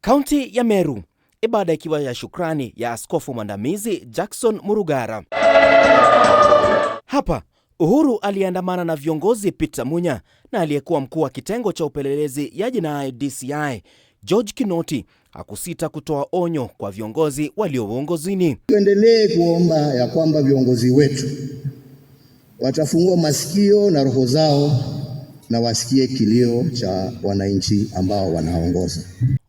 Kaunti ya Meru, ibada ikiwa ya shukrani ya askofu mwandamizi Jackson Murugara. Hapa Uhuru aliandamana na viongozi Peter Munya na aliyekuwa mkuu wa kitengo cha upelelezi ya jinai DCI George Kinoti hakusita kutoa onyo kwa viongozi walio uongozini. Tuendelee kuomba ya kwamba viongozi wetu watafungua masikio na roho zao na wasikie kilio cha wananchi ambao wanaongoza.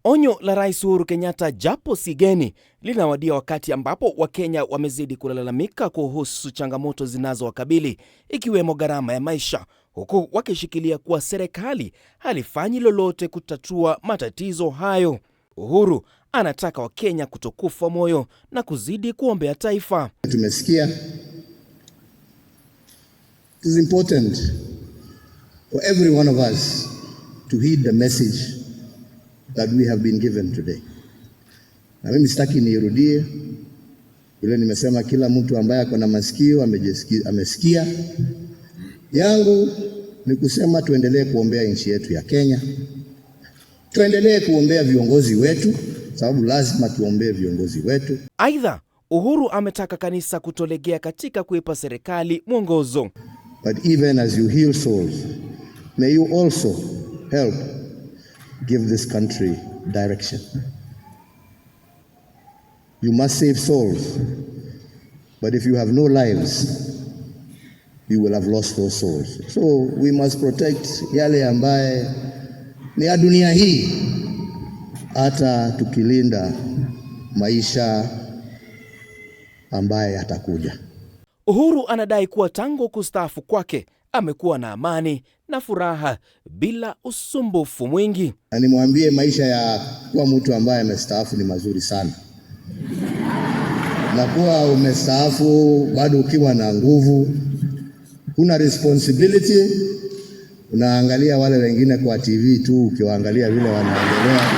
Onyo la Rais Uhuru Kenyatta japo si geni linawadia wakati ambapo Wakenya wamezidi kulalamika kuhusu changamoto zinazowakabili ikiwemo gharama ya maisha, huku wakishikilia kuwa serikali halifanyi lolote kutatua matatizo hayo. Uhuru anataka Wakenya kutokufa moyo na kuzidi kuombea taifa. Tumesikia It's important for every one of us to heed the message that we have been given today. Na mimi sitaki niirudie vile nimesema, kila mtu ambaye ako na masikio amesikia. Yangu ni kusema tuendelee kuombea nchi yetu ya Kenya, tuendelee kuombea viongozi wetu, sababu lazima tuombee viongozi wetu. Aidha, Uhuru ametaka kanisa kutolegea katika kuipa serikali mwongozo. But even as you heal souls May you also help give this country direction. You must save souls, but if you have no lives, you will have lost those souls. So we must protect yale ambaye ni ya dunia hii, hata tukilinda maisha ambaye yatakuja. Uhuru anadai kuwa tangu kustaafu kwake amekuwa na amani na furaha bila usumbufu mwingi. Na nimwambie maisha ya kuwa mtu ambaye amestaafu ni mazuri sana na kuwa umestaafu bado ukiwa na nguvu, kuna responsibility, unaangalia wale wengine kwa TV tu, ukiwaangalia vile wanaendelea,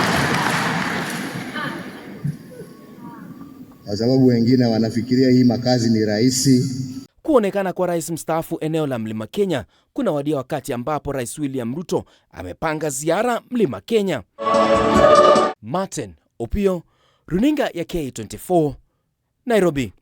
kwa sababu wengine wanafikiria hii makazi ni rahisi Kuonekana kwa rais mstaafu eneo la mlima Kenya kuna wadia wakati ambapo rais William Ruto amepanga ziara mlima Kenya. Martin Opio, runinga ya K24, Nairobi.